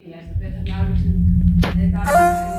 对呀，别他妈乱说。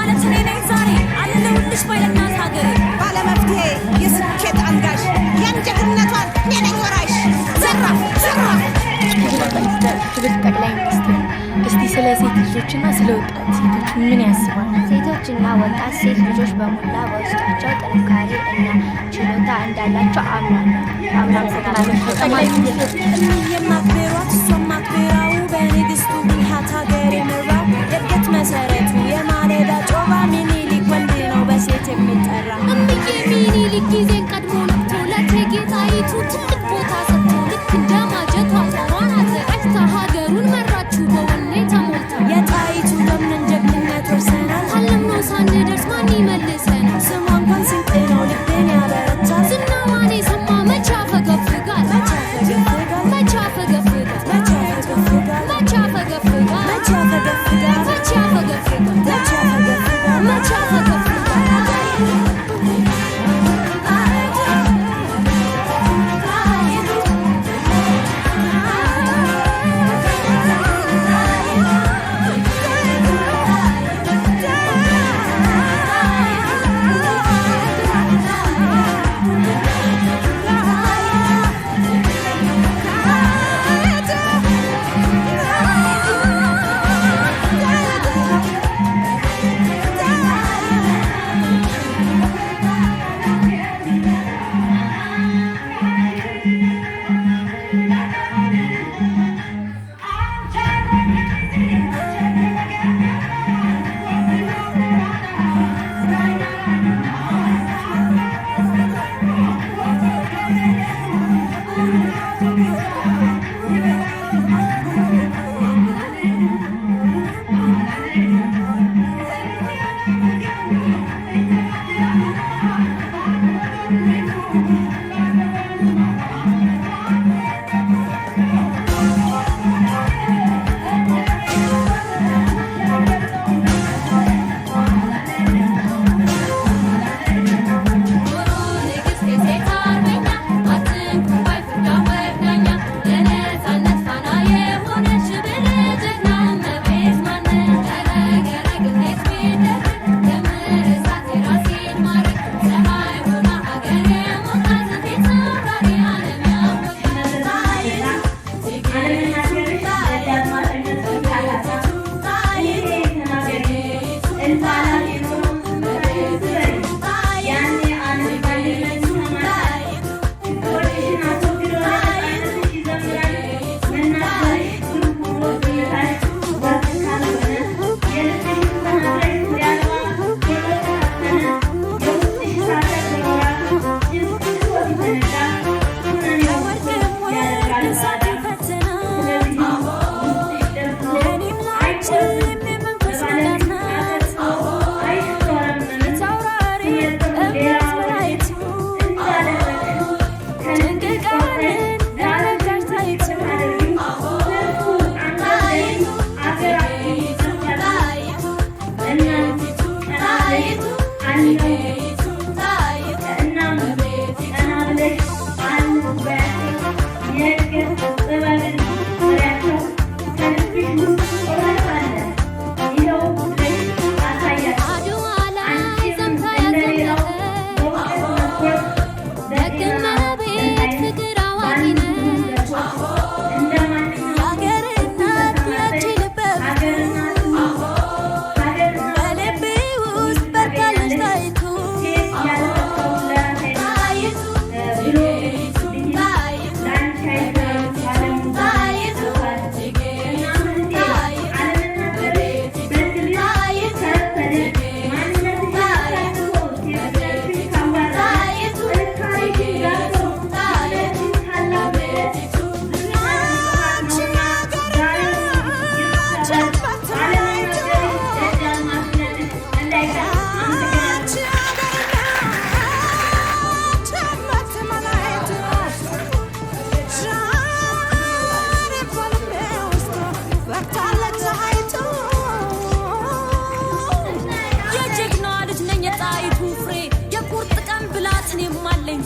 ማለት እኔ ነኝ ዛሬ አለሁልሽ ባይለናት ሀገሬ ባለመፍትሄ የስኬት አንጋሽ የእንጀትነቷን እኔ ነኝ ወራሽ ዘራፍ ዘራፍ ክብር ጠቅላይ ሚኒስትር እስቲ ስለ ሴት ልጆችና ስለ ወጣት ሴቶች ምን ያስባል? ሴቶችና ወጣት ሴት ልጆች በሞላ በውስጣቸው ጥንካሬ እና ችሎታ እንዳላቸው አምናለሁ። አምናለሁ።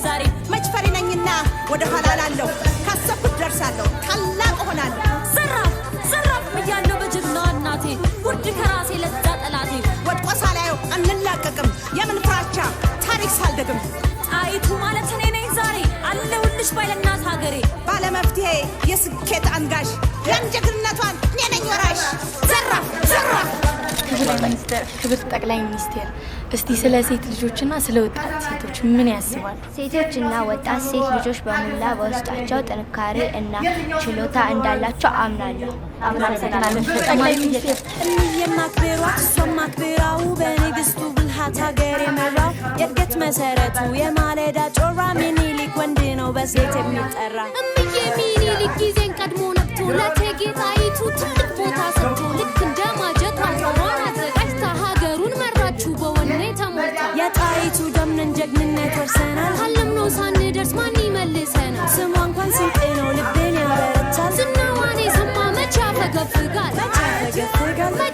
ዛሬ መች ፈሪ ነኝና ወደ ኋላ ላለሁ ካሰብኩት ደርሳለሁ፣ ታላቅ እሆናለሁ። ዘራፍ ዘራፍ ብያለሁ በጅግናዋ እናቴ፣ ውድ ከራሴ ለዛ ጠላቴ። ወድቆ ሳላየው አንላቀቅም፣ የምን ፍራቻ ታሪክ ሳልደግም። ጣይቱ ማለት እኔ ነኝ ዛሬ አለሁልሽ ባይ ለእናት ሀገሬ፣ ባለመፍትሄ የስኬት አንጋሽ፣ የአንጀግንነቷን እኔ ነኝ ወራሽ። ዘራፍ ዘራፍ ክብር ጠቅላይ ሚኒስቴር፣ እስቲ ስለ ሴት ልጆችና ስለ ወጣት ሴቶች ምን ያስባሉ? ሴቶችና ወጣት ሴት ልጆች በሙላ በውስጣቸው ጥንካሬ እና ችሎታ እንዳላቸው አምናለሁ። ጠቅላይ እሷም አክብራው በንግስቱ ብልሃት ሀገር የመራው የእድገት መሰረቱ የማለዳ ጮራ ሚኒሊክ ወንድ ነው በሴት የሚጠራ እምዬ ሚኒሊክ ጊዜን ቀድሞ ነው ለቴጌጣይቱ ትልቅ ቦታ ሰጥቶ ልክ እንደ ማጀት ማቅሯን አዘጋጅታ ሀገሩን መራችሁ በወኔ ተሞልታ የጣይቱ ደምነን ጀግንነት ወርሰናል። ካለምነው ሳንደርስ ማን ይመልሰናል? ስሟ እንኳን ስንቄ ነው ልቤን ያበረቻል። ዝናዋን የሰማ መቼ ያፈገፍጋል መቼ ያፈገፍጋል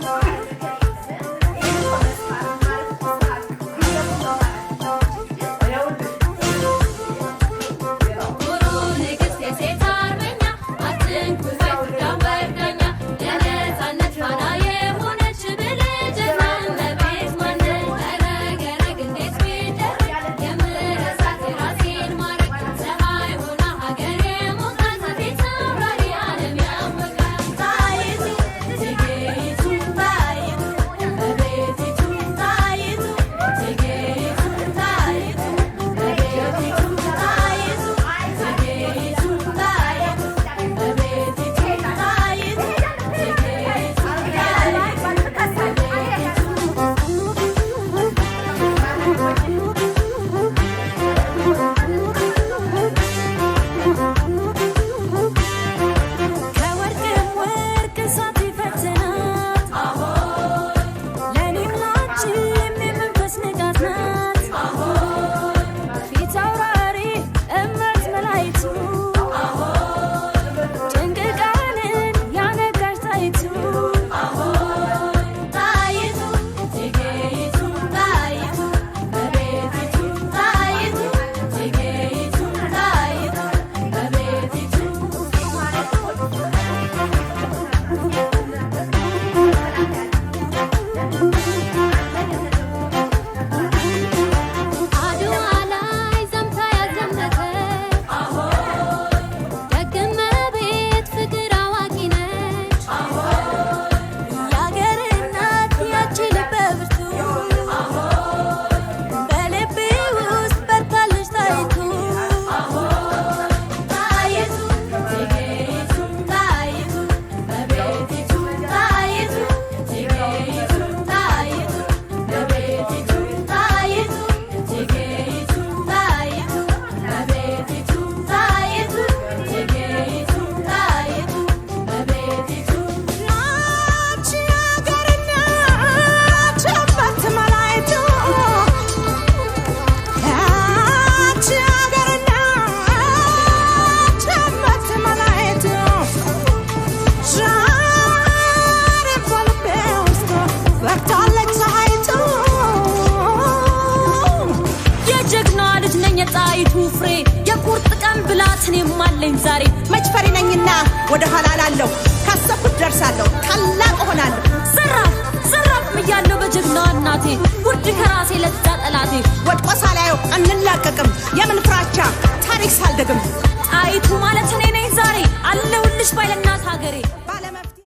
ብላት እኔም አለኝ ዛሬ መጭፈሪ ነኝና ወደ ኋላ ላለሁ ካሰብኩት ደርሳለሁ ታላቅ እሆናለሁ ዘራፍ ዘራፍ እያለሁ በጀግና እናቴ ውድ ከራሴ ለዛ ጠላቴ ወድቆ ሳላየው አንላቀቅም የምን ፍራቻ ታሪክ ሳልደግም ጣይቱ ማለት እኔ ነኝ ዛሬ አለውልሽ ባይለናት ሀገሬ